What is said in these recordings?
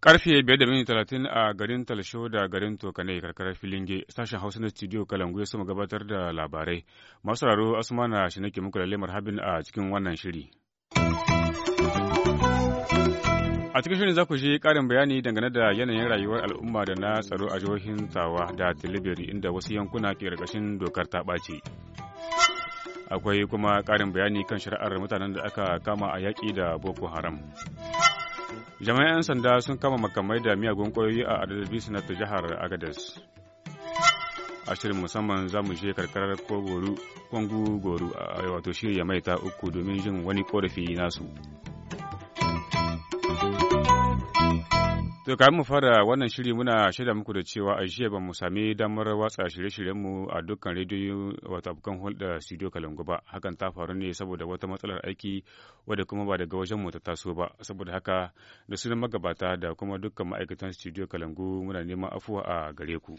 Karfe biyar da minti talatin a garin Talsho da garin Tokane karkarar Filinge sashen Hausa na studio Kalangu ya sama gabatar da labarai. Masu raro na shi nake muku lalle marhabin a cikin wannan shiri. A cikin shirin za ku ji ƙarin bayani dangane da yanayin rayuwar al'umma da na tsaro a jihohin tsawa da Tilibiri inda wasu yankuna ke ƙarƙashin dokar ta ɓace. Akwai kuma ƙarin bayani kan shari'ar mutanen da aka kama a yaƙi da Boko Haram. Jami'an 'yan sanda sun kama makamai da miyagun ƙwayoyi a Adalabi na jihar Agadez. A shirin musamman za mu je karkarar Kwangu Goru a wato shirya maita uku domin jin wani ƙorafi nasu. To mu fara wannan shiri muna shaida muku da cewa a jiya bamu sami damar watsa shirye-shiryenmu a dukkan rediyo wato abokan hulɗa studio Kalangu ba. Hakan ta faru ne saboda wata matsalar aiki wadda kuma ba daga wajen mu ta taso ba. Saboda haka da sunan magabata da kuma dukkan ma'aikatan studio Kalangu muna neman afuwa a gare ku.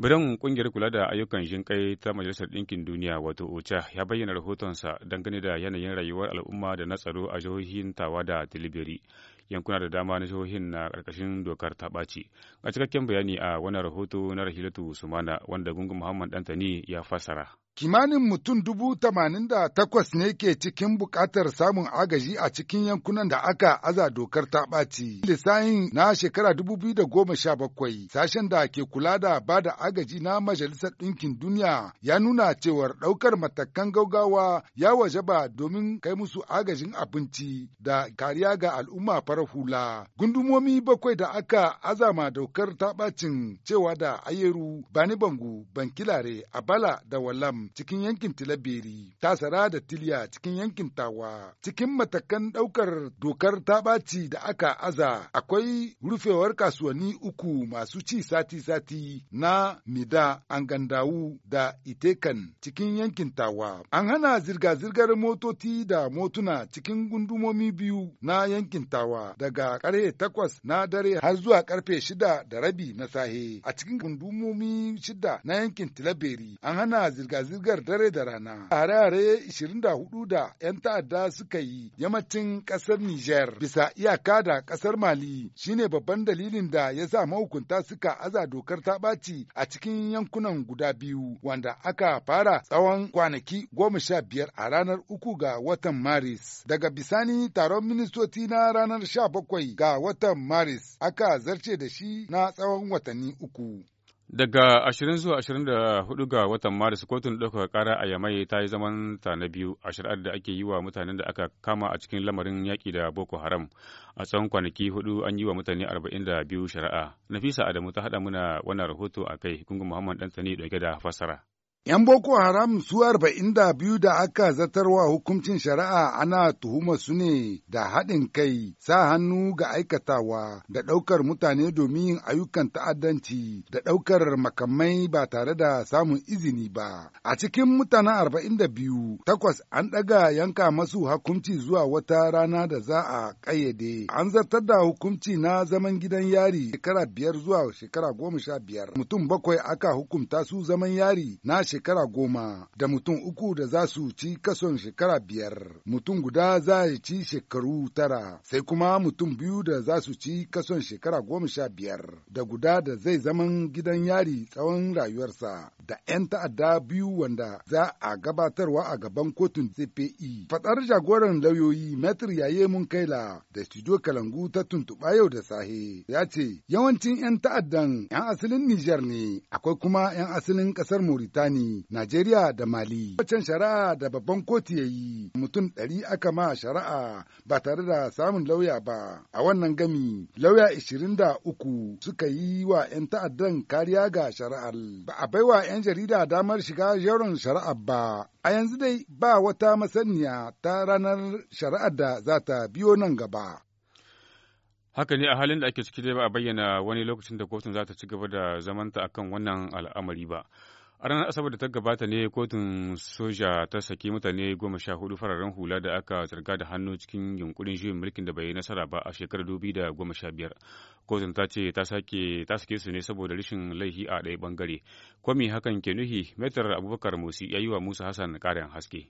Bidan kungiyar kula da ayyukan jinƙai ta Majalisar Ɗinkin Duniya wato OCHA ya bayyana rahotonsa dangane da yanayin rayuwar al'umma da na tsaro a jihohin Tawa da Tilibiri. Yankuna da dama na jihohin na ƙarƙashin dokar ta ɓaci. a cikakken bayani a wannan rahoto na Rahilatu Sumana wanda Gungun Muhammad Dantani ya fassara. Kimanin mutum dubu tamanin da takwas ne ke cikin buƙatar samun agaji a cikin yankunan da aka aza dokar ta ɓaci. Lissahin na shekara dubu biyu da goma sha bakwai, sashen da ke kula da ba da agaji na Majalisar Ɗinkin Duniya ya nuna cewar ɗaukar matakan gaugawa ya wajaba domin kai musu agajin abinci da kariya ga al'umma fara hula. Gundumomi bakwai da aka azama dokar ta ɓacin cewa da Ayeru, Bani Bangu, Bankilare, Abala da Wallam. cikin yankin Tilaberi, Tasara da Tiliya cikin yankin Tawa. Cikin matakan ɗaukar dokar ta ɓaci da aka aza akwai rufewar kasuwanni uku masu ci sati-sati na Mida, Angandawu da Itekan cikin yankin Tawa. An hana zirga-zirgar motoci da motuna cikin gundumomi biyu na yankin Tawa daga kare takwas na dare har zuwa karfe shida da rabi na sahe. A cikin gundumomi shida na yankin Tilaberi an hana zirga-zirgar zirga dare da rana. Hare-hare 24 da 'yan ta'adda suka yi yammacin ƙasar Nijar bisa iyaka da ƙasar Mali shine babban dalilin da ya sa mahukunta suka aza dokar ta ɓaci a cikin yankunan guda biyu wanda aka fara tsawon kwanaki goma sha biyar a ranar uku ga watan Maris. Daga bisani taron ministoci na ranar sha bakwai ga watan Maris aka zarce da shi na tsawon watanni uku. Daga 20 zuwa 24 ga watan Maris kotun ɗaukaka ƙara a Yamai ta yi zaman ta na biyu a shari'ar da ake yi wa mutanen da aka kama a cikin lamarin yaƙi da Boko Haram. A tsawon kwanaki hudu an yi wa mutane 42 shari'a. Nafisa Adamu ta haɗa muna wannan rahoto a kai, Gungun Muhammad tani ɗauke da fassara ‘Yan Boko Haram su arba'in da biyu da aka zatarwa hukuncin shari'a ana tuhuma su ne da haɗin kai, sa hannu ga aikatawa, da ɗaukar mutane domin yin ayyukan ta'addanci, da ɗaukar makamai ba tare da samun izini ba. A cikin mutane arba'in da biyu, takwas an ɗaga yanka masu hukunci zuwa wata rana da za a ƙayyade. An zartar da hukunci na zaman gidan yari shekara biyar zuwa shekara goma sha biyar. Mutum bakwai aka hukunta su zaman yari na shekara goma da mutum uku da za su ci kason shekara biyar, mutum guda za ya ci shekaru tara, sai kuma mutum biyu da za su ci kason shekara goma sha biyar, da guda da zai zaman gidan yari tsawon rayuwarsa, da 'yan ta'adda biyu wanda za a gabatarwa a gaban kotun ZPE. Fatsar jagoran lauyoyi Metri Yaye mun Munkaila da Studio Kalangu ta tuntuɓa yau da sahe ya ce yawancin 'yan ta'addan 'yan asalin Nijar ne, akwai kuma 'yan asalin ƙasar Mauritania. ne Najeriya da Mali. Waccan shari'a da babban kotu ya yi mutum ɗari aka ma shari'a ba tare da samun lauya ba. A wannan gami, lauya ishirin da uku suka yi wa 'yan ta'addan kariya ga shari'ar. Ba a baiwa 'yan jarida damar shiga yaron shari'ar ba. A yanzu dai ba wata masaniya ta ranar shari'ar da za ta biyo nan gaba. Haka ne a halin da ake ciki dai ba a bayyana wani lokacin da kotun za ta ci gaba da zamanta akan wannan al'amari ba. A ranar Asabar da ta gabata ne kotun soja ta saki mutane goma sha hudu fararen hula da aka zarga da hannu cikin yunkurin juyin mulkin da bai yi nasara ba a shekarar dubi da goma sha biyar. Kotun ta ce ta sake ta sake su ne saboda rashin laifi a ɗaya bangare. Kwami hakan ke nuhi, Metar Abubakar Musi ya yi wa Musa Hassan ƙarin haske.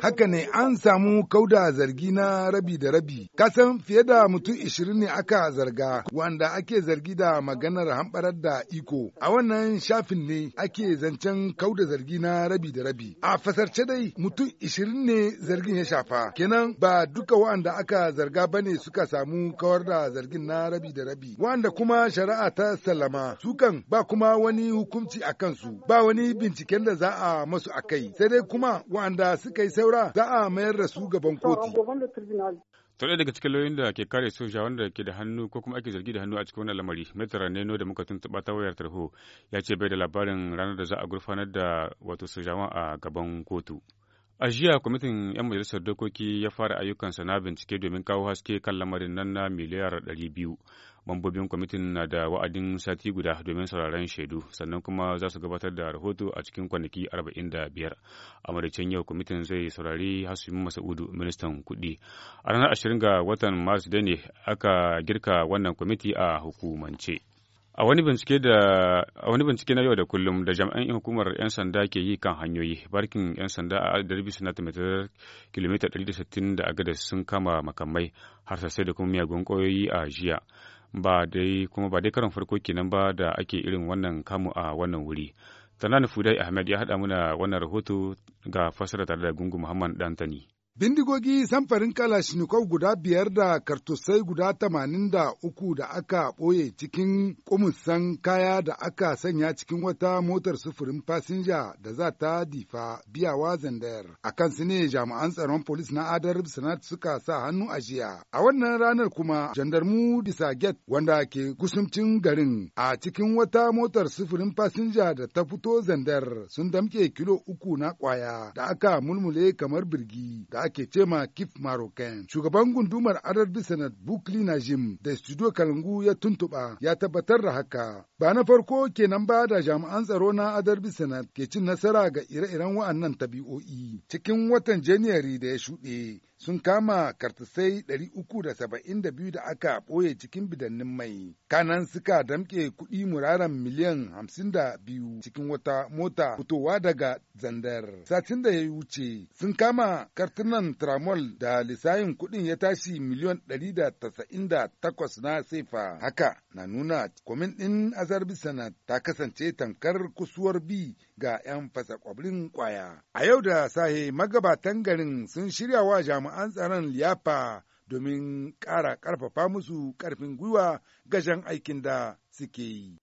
Haka ne an samu kauda zargi na rabi da rabi. Kasan fiye da mutum ishirin ne aka zarga wanda ake zargi da maganar hamɓarar da iko. A wannan shafin ne ake zancen kauda zargi na rabi da rabi. A fasarce dai mutum ishirin ne zargin ya shafa. Kenan ba duka wa'anda aka zarga ba ne suka samu kawar da zargin na rabi da rabi. Wa'anda kuma shari'a ta sallama sukan ba kuma wani hukunci a kansu ba wani binciken da za a masu a kai. Sai dai kuma wa'anda suka suka yi saura za a mayar da su gaban kotu. ta ɗaya daga cikin lauyoyin da ke kare soja wanda ke da hannu ko kuma ake zargi da hannu a cikin wannan lamari metara neno da muka tuntuɓa ta wayar tarho ya ce bai da labarin ranar da za a gurfanar da wato sojawan a gaban kotu a jiya kwamitin 'yan majalisar dokoki ya fara ayyukansa na bincike domin kawo haske kan lamarin nan na miliyar biyu Mambobin kwamitin na da wa'adin sati guda domin sauraron shaidu sannan kuma za su gabatar da rahoto a cikin kwanaki arba'in da A maricin yau kwamitin zai saurari Hasumi Masa'udu ministan kuɗi. A ranar 20 ga watan mars da ne aka girka wannan kwamiti a hukumance. A wani bincike na yau da kullum da jami'an hukumar 'yan sanda ke yi kan hanyoyi, barkin 'yan sanda a Darbi suna kilomita kilomita 160 da agada sun kama makamai har sassai da kuma miyagun ƙwayoyi a jiya. ba dai kuma ba dai karon farko kenan ba da ake irin wannan kamu a wannan wuri. Tanani Fudai Ahmed ya haɗa muna wannan rahoto ga fasara tare da Gungu Muhammad Dantani. Bindigogi samfarin Kalashnikov guda biyar da kartusai guda tamanin da uku da aka ɓoye cikin kumusan kaya da aka sanya cikin wata motar sufurin fasinja da za ta difa biyawa zandar. A kan su ne jami'an tsaron polis na Adar Sanat suka sa hannu a jiya. A wannan ranar kuma jandarmu Disa get wanda ke kusumcin garin a cikin wata motar sufurin fasinja da ta fito zandar sun damke kilo uku na kwaya da aka mulmule kamar birgi ake cema Kif Marocain. Shugaban gundumar adarbi Sanat Bukli Najim da Studio Kalangu ya tuntuba ya tabbatar da haka. Ba na farko kenan ba da jami'an tsaro na Adarbi Sanat ke cin nasara ga ire-iren wa'annan tabi'o'i cikin watan january da ya shuɗe. sun kama kartasai 372 da aka ɓoye cikin bidannin mai. Kanan suka damƙe kuɗi muraran miliyan 52 cikin wata mota fitowa daga zandar. Satin da ya wuce sun kama kartunan tramol da lisayin kuɗin ya tashi miliyan 198 na sefa. Haka na nuna kwamin ɗin na ta kasance tankar kusuwar bi ga 'yan fasa kwabrin kwaya. A yau da sahe magabatan garin sun shirya wa jami'an tsaron liyafa domin ƙara ƙarfafa musu ƙarfin gwiwa gajen aikin da suke yi.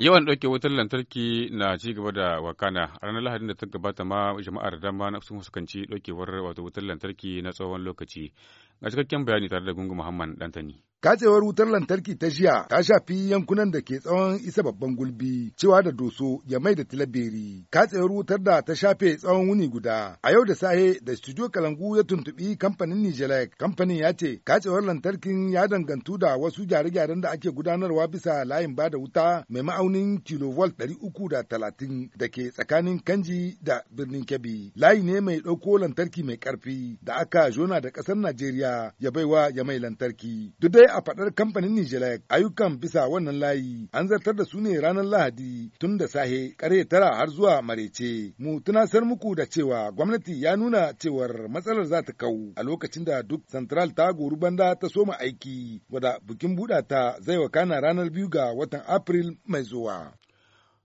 Yawan ɗauke wutar lantarki na ci gaba da wakana ranar Lahadin da ta gabata ma jama'ar dama na sun fuskanci ɗaukewar wato wutar lantarki na tsawon lokaci. Ga cikakken bayani tare da Gungu Muhammad Dantani. Katsewar wutar lantarki ta jiya ta shafi yankunan da ke tsawon isa babban gulbi cewa da doso ya mai da tilabiri Katsewar wutar da ta shafe tsawon wuni guda. A yau da sahe da studio Kalangu ya tuntubi kamfanin Nijelek. Kamfanin ya ce katsewar lantarkin ya dangantu da wasu gyare-gyaren da ake gudanarwa bisa layin ba da wuta mai ma'aunin kilovolt ɗari uku da talatin da ke tsakanin Kanji da birnin Kebbi. Layi ne mai ɗauko lantarki mai ƙarfi da aka jona da ƙasar Najeriya ya baiwa ya mai lantarki. Duk dai a faɗar kamfanin Nijelek ayyukan bisa wannan layi an zartar da su ne ranar Lahadi tun da sahe ƙarfe tara har zuwa marece. Mu tunasar muku da cewa gwamnati ya nuna cewar matsalar za ta kau a lokacin da duk Central ta goru banda ta soma aiki wada bikin buɗa ta zai wakana ranar biyu ga watan April mai zuwa.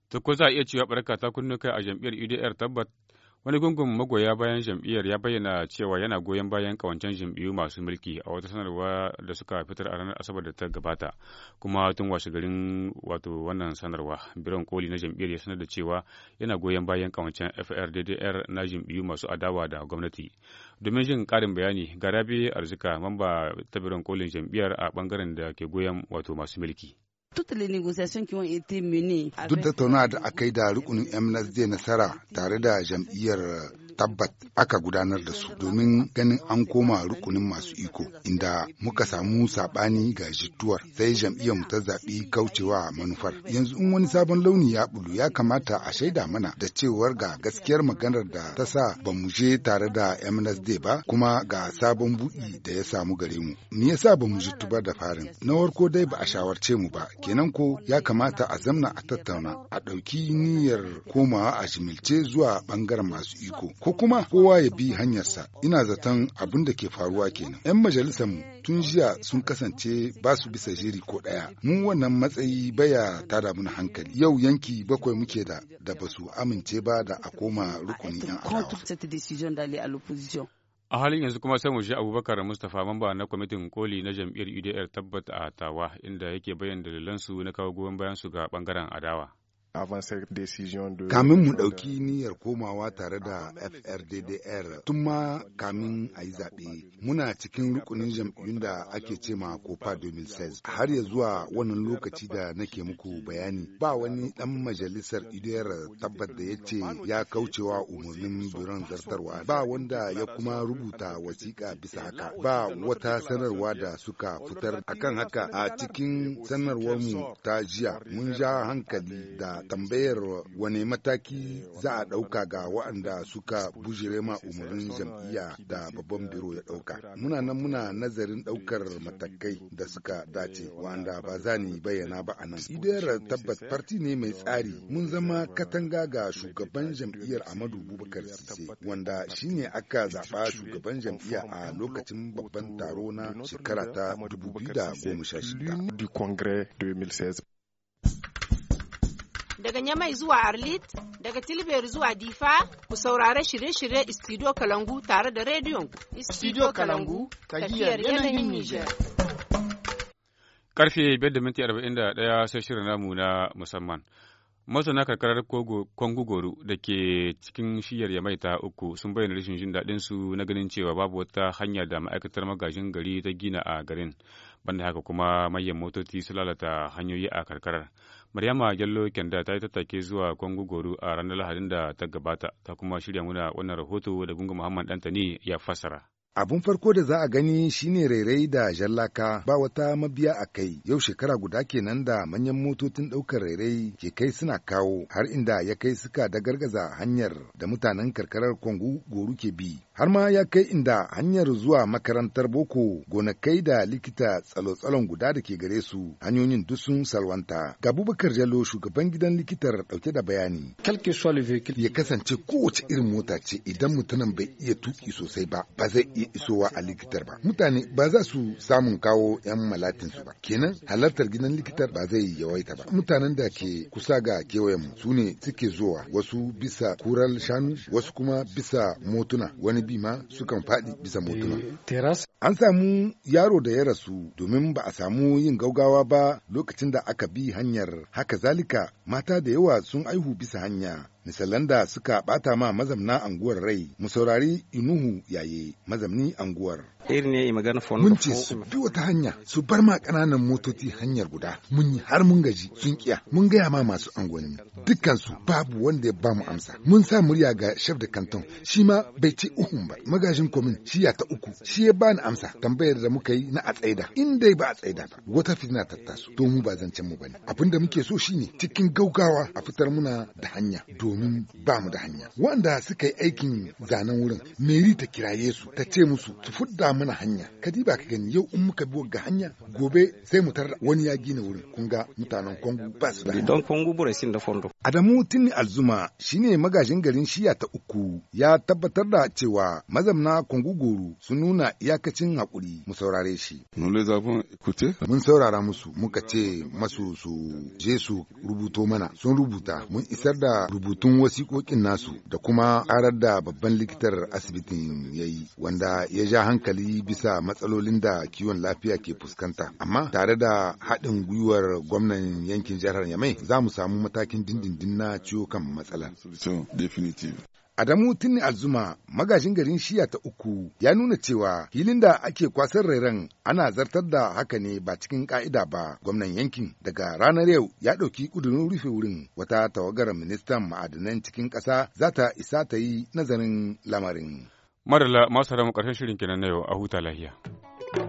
ta za a iya cewa barka ta kai a jam'iyyar UDR e Wani gungun magoya bayan jam'iyyar ya bayyana cewa yana goyon bayan kawancen jam'iyyu masu mulki a wata sanarwa da suka fitar a ranar Asabar da ta gabata. Kuma tun washe garin wato wannan sanarwa, biran koli na jam'iyyar ya sanar da cewa yana goyon bayan kawancen FRDDR na jam'iyyu masu adawa da gwamnati. Domin jin ƙarin bayani, Garabe Arzika, mamba ta biran kolin jam'iyyar a bangaren da ke goyon wato masu mulki. Duk da tauna da aka yi da rukunin MNSD nasara tare da jam'iyyar tabbat aka gudanar da su domin ganin an koma rukunin masu iko inda muka samu saɓani ga jituwar sai jam'iyyar mu ta zaɓi kaucewa manufar yanzu in wani sabon launi ya bulu ya kamata a shaida mana da cewar ga gaskiyar maganar da ta sa ba mu je tare da MNSD ba kuma ga sabon buɗi da ya samu gare mu me yasa ba mu jituba ba da farin na farko dai ba a shawarce mu ba kenan ko ya kamata a zamna a tattauna a ɗauki niyyar komawa a shimilce zuwa ɓangaren masu iko ko kuma kowa ya bi hanyarsa ina zaton abin da ke faruwa kenan 'yan majalisar mu tun jiya sun kasance ba su bisa jiri ko ɗaya mu wannan matsayi baya tada mun hankali yau yanki bakwai muke da da ba su amince ba da a koma rukunin 'yan a halin yanzu kuma sai mu shi abubakar mustapha mamba na kwamitin koli na jam'iyyar udr tabbata a tawa inda yake bayyana su na kawo goyon bayan su ga bangaren adawa Kamin mu ɗauki niyyar komawa tare da FRDDR tun ma kamin a yi zaɓe muna cikin rukunin jam'iyyun da ake ce ma COPA 2016 har ya zuwa wannan lokaci da nake muku bayani ba wani ɗan majalisar idiyar tabbat da ya ce ya kaucewa umarnin biron zartarwa ba wanda ya kuma rubuta wasiƙa bisa haka ba wata sanarwa da suka fitar akan haka a cikin sanarwar mu ta jiya mun ja hankali da tambayar wani mataki za a ɗauka ga waɗanda suka bujire ma umarnin jam'iyya da babban biro ya ɗauka. Muna nan muna nazarin ɗaukar matakai da suka dace waɗanda ba za ni bayyana ba a nan. Idayar tabbas farti ne mai tsari mun zama katanga ga shugaban jam'iyyar Amadu Bubakar Sise wanda shine aka zaɓa shugaban jam'iyya a lokacin babban taro na shekara ta 2016. 2016. daga Nyamai zuwa Arlit, daga Tilber zuwa Difa, ku saurare shirye-shirye Istidio Kalangu tare da rediyon Istidio Kalangu, tafiyar yanayin Nijar. Karfe 5.41 sai shirin namu na musamman. Masana karkarar Goro da ke cikin shiyar ya ta uku sun bayyana rashin jin daɗin su na ganin cewa babu wata hanya da ma'aikatar magajin gari ta gina a garin. Banda haka kuma manyan motoci su lalata hanyoyi a karkarar. Maryama Jallo Kenda ta yi tattake zuwa kwangu Goro a ranar Lahadin da ta gabata, ta kuma shirya muna wannan rahoto da gungu Muhammad Dantani ya fassara. Abun farko da za a gani shine rairai da jallaka ba wata mabiya a kai yau shekara guda kenan da manyan motocin ɗaukar rairai ke kai suna kawo har inda ya kai suka da gargaza hanyar da mutanen karkarar Kwangu goro ke bi. har ma ya kai inda hanyar zuwa makarantar boko gonakai da likita tsalo-tsalon guda da ke gare su hanyoyin duk sun salwanta ga abubakar jalo shugaban gidan likitar dauke da bayani ya kasance kowace irin mota ce idan mutumin bai iya tuki sosai ba ba zai iya isowa a likitar ba mutane ba za su samun kawo yan malatin su ba kenan halartar gidan likitar ba zai yawaita ba mutanen da ke kusa ga kewayen mu su ne suke zuwa wasu bisa kural shanu wasu kuma bisa motuna wani bi ma sukan faɗi bisa motuna. Eh, An samu yaro da ya rasu domin ba a samu yin gaugawa ba lokacin da aka bi hanyar haka zalika mata da yawa sun aihu bisa hanya misalan da suka bata ma mazamna anguwar rai mu saurari inuhu yaye mazamni anguwar mun ce su bi wata hanya su bar ma kananan motoci hanyar guda mun yi har mun gaji sun kiya mun gaya ma masu anguwanni dukkansu babu wanda ya ba mu amsa mun sa murya ga shaf da kanton shi ma bai ce uhun ba magajin komin shi ya ta uku shi ya bani amsa tambayar da muka yi na a tsaida in dai ba a tsaida ba wata fitina ta taso to mu ba zancen mu bane abin da muke so shine cikin gaugawa a fitar muna da hanya domin ba mu da hanya wanda suka yi aikin zanen wurin meri ta kiraye su ta ce musu su fudda mana hanya kadiba ka gani yau in muka bi ga hanya gobe sai mu tarar wani ya gina wurin kun ga mutanen kongo ba su da hanya. da fondo Adamu Tinni Alzuma shine magajin garin shiya ta uku ya tabbatar da cewa mazamna Kwangugoro sun nuna iyakacin haƙuri mu saurare shi. Mun saurara musu muka ce masu su je su rubuto mana sun rubuta mun isar da rubutun wasiƙoƙin nasu da kuma ƙarar da babban likitar asibitin ya yi wanda ya ja hankali bisa matsalolin da kiwon lafiya ke fuskanta amma tare da haɗin gwiwar gwamnan yankin jihar Yamai za mu samu matakin dindin dinna na ciwo kan matsalar. So, definitive. Adamu Tinni Azuma magajin garin shiya ta uku ya nuna cewa filin da ake kwasar rairan ana zartar da haka ne ba cikin ka'ida ba gwamnan yankin daga ranar yau ya ɗauki ƙudurin rufe wurin wata tawagar ministan ma'adanan cikin ƙasa za ta isa ta yi nazarin lamarin. Madalla masu ramu ƙarshen shirin kenan na yau a huta lahiya.